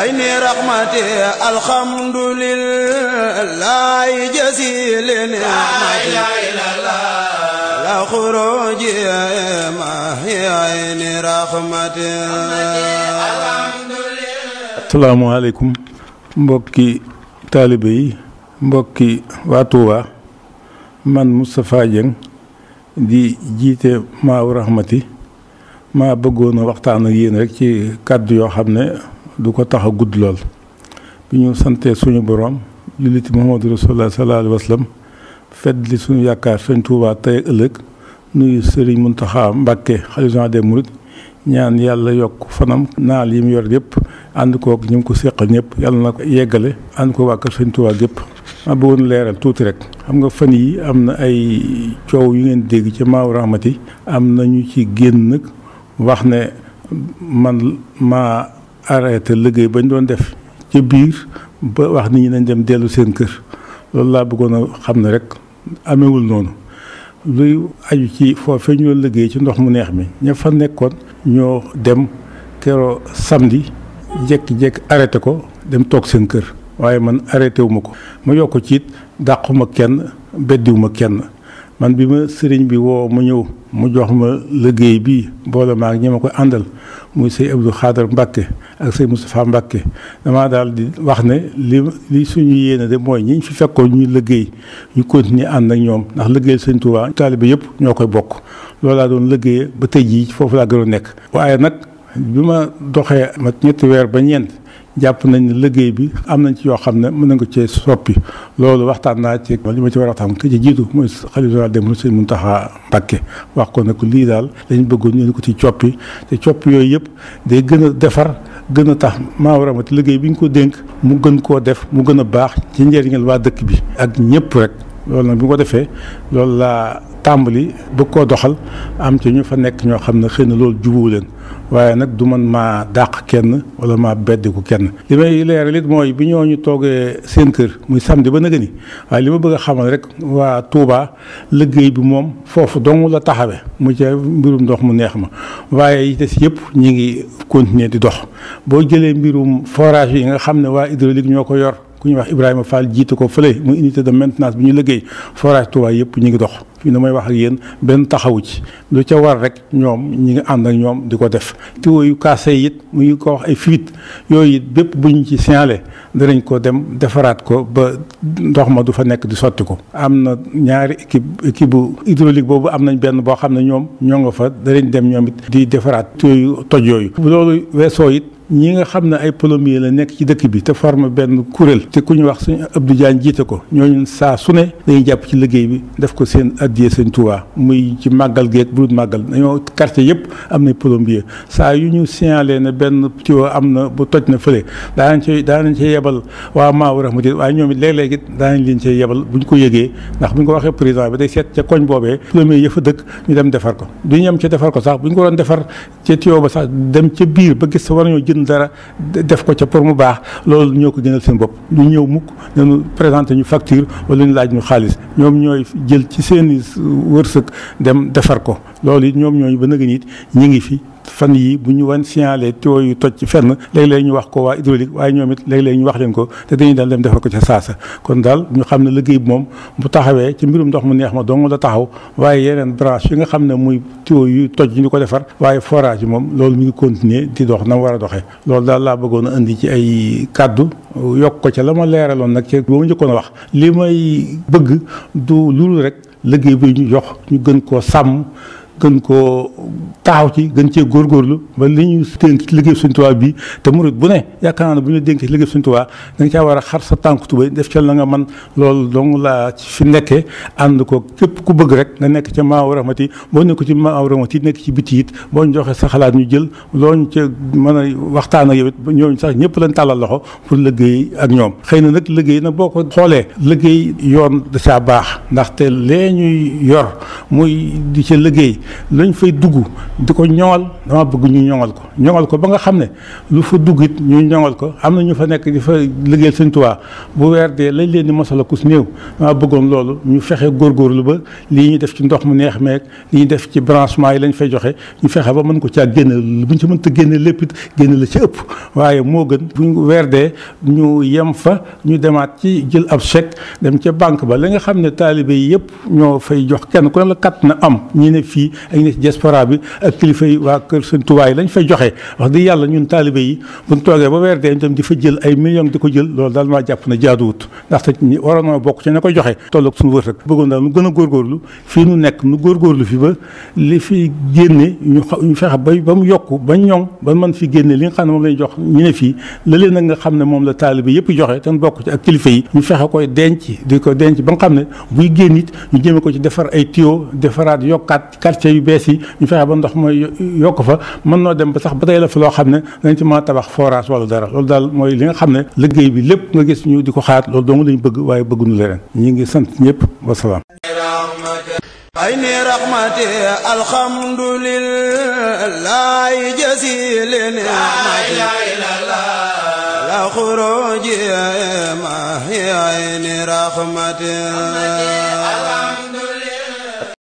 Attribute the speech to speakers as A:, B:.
A: ayni rahmati alhamdulillahi jasili ni'mati la xuruji ma hiya ayni rahmati asalaamaaleykum mbokki taalibe yi mbokki waa Tuuba man Moustapha Dieng di jiite Maawu Rahmati maa bëggoon a waxtaan ak yéen rek ci kàddu yoo xam ne du ko tax a gudd lool bi ñu santee suñu borom jullit Muhammadu Rasulullah sallallahu alayhi wa sallam fedd li suñu yaakaar sëñ Tuubaa tey ak ëllëg nuyu sëriñ Muntaxa Mbàkke xalifa général des mourides ñaan yàlla yokk fanam naal yi mu yor yëpp ànd ko ak ñu ngi ko seqal ñëpp yàlla na ko yeggale ànd ko waa kër sëñ Tuubaa gépp ma bëggoon leeral tuuti rek xam nga fan yi am na ay coow yu ngeen dégg ca Maaw Rahmati am na ñu ci génn nag wax ne man maa arrêté liggéey bañ doon def ci biir ba wax nit ñi nañ dem dellu seen kër loolu laa bëggoon a xam ne rek amewul noonu luy aju ci foofee ñoo liggéey ci ndox mu neex mi ñu fa nekkoon ñoo dem keroo samedi jékki-jékki arrêté ko dem toog seen kër waaye man arrêté wu ma ko ma yokk ci it dàquma kenn beddiwuma kenn man bi ma sëriñ bi woo ma ñëw mu jox ma liggéey bii boole ma ak ñi ma ko àndal muy sëy Abdou Xaadar Mbàkke ak sëy Moustapha Mbàkke damaa daal di wax ne li li suñu yéene de mooy ñi fi fekkoon ñu liggéey ñu continuer ànd ak ñoom ndax liggéey sëñ Touba taalibe yëpp ñoo koy bokk loolu laa doon liggéeyee ba tey jii foofu laa gën a nekk waaye nag bi ma doxee mat ñetti weer ba ñeent jàpp nañ ne liggéey bi am nañ ci yoo xam ne mën nañ ko cee soppi loolu waxtaan naa ci li ma ci war a waxtaan ki ci jiitu mooy xalifa général dem sëñ Muntaxa Mbàkke wax ko ne ko lii daal dañ bëggoon ñu ko ci coppi te coppi yooyu yëpp day gën a defar gën a tax maa war a liggéey bi ñu ko dénk mu gën koo def mu gën a baax ci njëriñal waa dëkk bi ak ñëpp rek loolu nag bi ko defee loolu laa tàmbali bëgg koo doxal am ci ñu fa nekk ñoo xam ne xëy na loolu jubuwu leen waaye nag du man maa dàq kenn wala maa beddiku kenn. li may leeral it mooy bi ñoo ñu toogee seen kër muy samedi ba nëgëni waaye li ma bëgg a xamal rek waa Touba liggéey bi moom foofu dong la taxawe mu ca mbirum ndox mu neex ma waaye yi des yëpp ñu ngi continuer di dox boo jëlee mbirum forage yi nga xam ne waa hydraulique ñoo ko yor. ku ñuy wax Ibrahima Fall jiite ko fële muy unité de maintenance bi ñu liggéey forage Touba yëpp ñu ngi dox fii ne may wax ak yéen benn taxawu ci lu ca war rek ñoom ñi ngi ànd ak ñoom di ko def tuyaux yu kaase it mu ngi ko wax ay fuite yooyu it bépp bu ñu ci signalé danañ ko dem defaraat ko ba ndox ma du fa nekk di sotti ko am na ñaari équipe équipe bu hydraulique boobu am nañ benn boo xam ne ñoom ñoo nga fa danañ dem ñoom it di defaraat tuyaux yu toj yooyu bu loolu ñi nga xam ne ay plombier la nekk ci dëkk bi te forme benn kuréel te ku ñu wax suñ Abdou Diagne jiite ko ñooñu saa su ne dañuy jàpp ci liggéey bi def ko seen addiyee seen Tuubaa muy ci màggal geeg bu dul màggal dañoo quartier yëpp am na plombier saa yu ñu signalé ne benn tuyau am na bu toj na fële daanañ ci daanañ ci yebal waa Maawu Rahmatil waaye ñoom it léeg-léeg it daanañ leen ci yebal bu ñu ko yëgee ndax bu ñu ko waxee président bi day seet ca koñ boobee plombier yëfa dëkk ñu dem defar ko du ñu am ko sax bu ñu ko doon defar ca tuyau ba sax jënd def ko ca pour mu baax loolu ñoo ko gënal seen bopp ñu ñëw mukk dañu présenté ñu facture wala ñu laaj ñu xaalis ñoom ñooy jël ci seen i wërsëg dem defar ko loolu it ñoom ñooñu ba nag it fi fan yii bu ñu wan signalé tuyau yu toj ci fenn léeg-léeg ñu wax ko waa hydraulique waaye ñoom it léeg ñu wax leen ko te dañuy daal dem defar ko ca saasa kon daal ñu xam ne liggéey bi moom bu taxawee ci mbirum ndox mu neex ma dong la taxaw waaye yeneen branche yi nga xam ne muy tuyau yu toj ñu ko defar waaye forage yi moom loolu mu ngi continuer di dox na war a doxee loolu daal laa bëggoon a indi ci ay kàddu yokk ko ca la ma leeraloon nag ci boo ma njëkkoon wax li may bëgg du loolu rek liggéey bi ñu jox ñu gën koo sàmm gën koo taxaw ci gën cee góor góorgóorlu ba li ñu dénk ci liggéey Sëñ Tuubaa bii te murit bu ne yaakaar naa ne bu ñu dénk ci liggéey Sëñ Tuubaa da nga caa war a xar sa tànk tubay def ca la nga man loolu dong laa fi nekkee ànd ko képp ku bëgg rek nga nekk ca maaw rahmati boo nekk ci maaw rahmati nekk ci biti it boo ñu joxee sa xalaat ñu jël loo ñu ca mën a waxtaan ak yow it ñooñu sax ñëpp lañ tàllal loxo pour liggéey ak ñoom xëy na nag liggéey na boo ko xoolee liggéey yoon da caa baax ndaxte lee ñuy yor muy di ca liggéey lañ fay dugg di ko ñoŋal dama bëgg ñu ñoŋal ko ñoŋal ko ba nga xam ne lu fa dugg it ñu ñoŋal ko am na ñu fa nekk di fa liggéeyal Sëñ Tuubaa bu weer lañ leen di mosala kus néew dama bëggoon loolu ñu fexe lu ba lii ñuy def ci ndox mu neex meeg li ñuy def ci branchement yi lañ fay joxe ñu fexe ba mën ko caa génne buñ ci mënta génne lépp it génne la ci ëpp waaye moo gën buñ weer dee ñu yem fa ñu demaat ci jël ab chèque dem ca banque ba li nga xam ne taalibe yi yëpp ñoo fay jox kenn ku ne na am ñi ne fii ay nit diaspora bi ak kilifa yi waa kër sëñ Tuubaa yi lañ fay joxe wax dëgg yàlla ñun taalibe yi buñ toogee ba weer dee itam di fa jël ay millions di ko jël loolu daal maa jàpp na jaaduwut ndaxte waroon na bokk ci na ko joxe tolloog suñu wërsëg bëggoon daal nu gën a góorgóorlu fii nu nekk nu góorgóorlu fi ba li fi génne ñu ñu fexe ba ba mu yokk ba ñoŋ ba mën fi génne li nga xam ne moom lañ jox ñu ne fii la leen nag nga xam ne moom la taalibe yëpp joxe te bokk ci ak kilifa yi ñu fexe koy denc di ko denc ba nga xam ne buy génn it ñu jëme ko ci defar ay tuyau defaraat yokkaat quartier yu bees yi ñu fexe ba ndox mooy yokk fa mën noo dem ba sax ba tey la fi loo xam ne dañ ci mën a tabax forage wala dara loolu daal mooy li nga xam liggéey bi lépp nga gis ñu di ko xaar loolu dong lañ bëgg waaye bëgguñu leneen ñi ngi sant ñëpp wasalaam عين رحمتي الحمد لله جزيل نعمتي لا اله لا خروجي ما هي عين رحمتي الحمد